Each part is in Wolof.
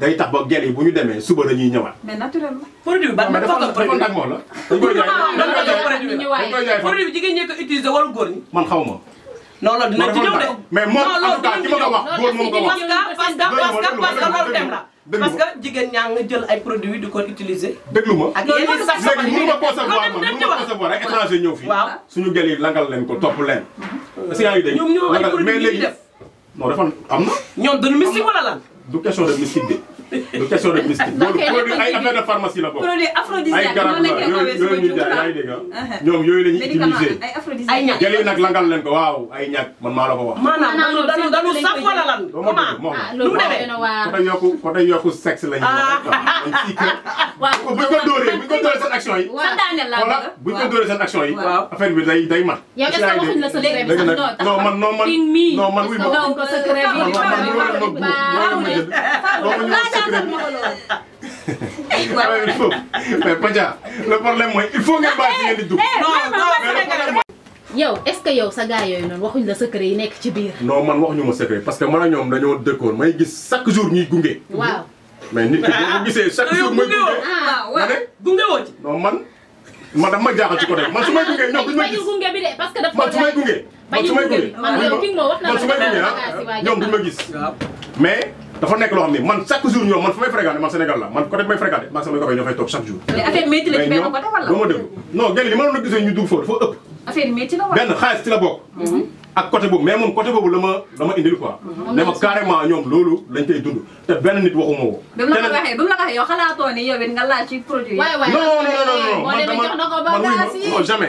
day tax ba gel yi bu ñu demee suba dañuy ñëwaat. mais naturellement. produit bi ban ban façon produit bi moom la. dañ koy jaay dañ koy jaay produit bi jigéen ñi ko utiliser wala góor ñi. man xaw ma. non loolu dinañ ci ñëw de. mais moom en tout cas ki ma ko wax góor moom ko wax. parce que parce que parce que loolu dem la. parce que jigéen ñaa nga jël ay produits di ko utiliser. déglu ma ak yeneen sax sax léegi mënu ma concevoir man mënu ma concevoir ay étranger ñëw fii. waaw suñu gel yi langal leen ko topp leen. si yaa ngi dégg ñoom ñoo ay produits yi def non dafa am na. ñoom dañu mystique wala lan. du question de mystique de du question de mystique. loolu produit ay affaire de pharmacie la bokk. produit aphrodisiaque ay garab la yooyu yooyu ñu jaay yaa ngi dégg ñoom yooyu la ñuy utiliser. ay ñàkk jëlee nag langal leen ko waaw ay ñàkk man maa la ko wax. maanaam dañu dañu dañu sax wala lan. comment ah loolu côté yokku côté yokku sexe la ñu. waaw buñ ko dóoree buñ ko dóoree seen action yi. waaw voilà buñ ko dóoree seen action yi. affaire bi day day mat. yow est-ce que waxuñ la sa léegi sax non man non man non man. non man wuy ma. Ah, mais Kodja le problème mooy il faut ngeen bàyyi ngeen di dugg. Eh, eh, yow est-ce que yow sa gars yooyu noonu waxuñ la secret yi nekk ci biir. non man waxuñu ma secret parce que man a ñoom dañoo dëkkoon may gis chaque jour ñuy gunge. waaw mais nit ki boo ko gisee chaque jour may gunge. ah waaw gunge woo ci. non man man dafa ma jaaxal ci côté man su may gunge ñoom duñu ma gis bañu gunge bi de parce que dafa man su may gunge. man su may gunge man yow ki nga wax na la man su may gunge ah ñoom duñu ma gis mais. dafa nek lo xamni man chaque jour man man Sénégal la man côté fréquenté man fay chaque jour. affaire la côté wala. non ma ñu affaire la wala la ak côté mais côté la carrément nit waxuma la ni nga non non non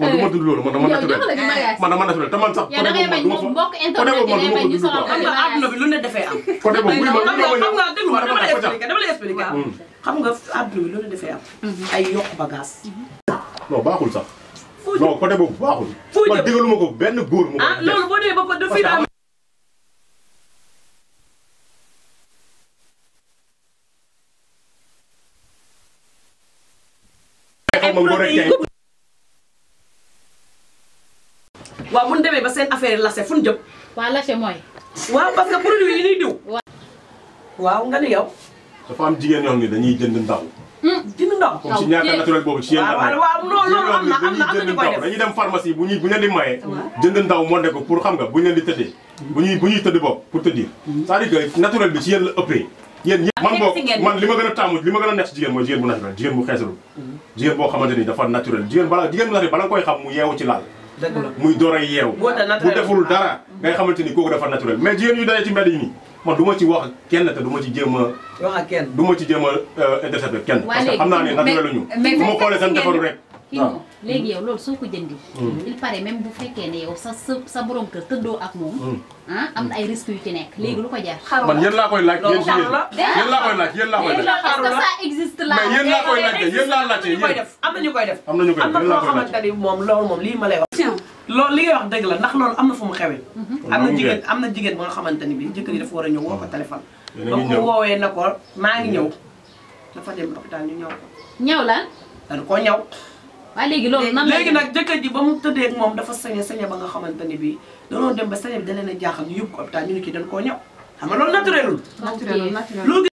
man mau dund loolu man dama mau man dama naturel te man sax côté boobu man duma ko côté boobu man duma ko dund quoi xam nga àdduna bi lu ne defee am côté boobu buy ma buy ma xam nga déglu dama waaw bu ñu demee ba seen affaire lase fu ñu jëm. lase mooy. waaw parce que produit yi ñuy nga ni yow. dafa jigéen ñoo xam dañuy jënd ndaw. Hmm. jënd ndaw comme si ñu leen moo ne ko xam nga bu ñu leen di tëddee. bu ñuy bu ñuy tëdd bopp pour te dire. c'est-à-dire que naturel bi ci yéen la ëppee. Ah, man boo man li gën a taamu li ma gën a neex jigéen mooy jigéen bu naturel jigéen bu xeesalul. Mm. jigéen boo xamante ni dafa naturel jigéen bu naturel bala nga koy xam mu yeewu ci laal muy door a yeew bu deful dara ngay xamante ni kooku dafa naturel mais jigéen yu daje ci mel yi nii man du ma ci wax kenn te du ma ci jéem a. ak kenn du ma ci jéem a euh, intercepter kenn. que xam naa ne naturel la ñu. mais bu ma xoolee seen defaru rek. waaw léegi yow loolu soo ko jëndi. Mm-hmm. il paraît même bu fekkee ne yow sa sa sa borom kër tëddoo ak moom. Mm-hmm. ah am na ay risques yu ci nekk léegi lu ko jar. Mm-hmm. xaru man yéen laa koy laaj yéen jigéen yéen laa koy laaj yéen laa koy laaj. parce que ça existe là. mais yéen laa koy laaj yéen laa laajte yéen. am na ñu koy def am na ñu koy def am na koo xamante ni moom loolu moom lii ma lay wax. loolu li ngay wax dëgg la ndax loolu am na fu mu xewee. am na jigéen am na jigéen ba nga xamante ni bi jëkkër yi dafa war a ñëw woo ko téléphone. ba mu woowee na ko maa ngi ñëw dafa dem hôpital ñu ñëw ko ñëw lan dañ ko ñëw waaye léegi loolu nan léegi nag jëkkër ji ba mu tëddee ak moom dafa sañe sañe ba nga xamante ni bii danoo dem ba sañe bi da leen a jaaxal ñu yóbbu ko hôpital ñu ne kii dañ koo ñëw xam nga loolu naturelul naturelul naturelul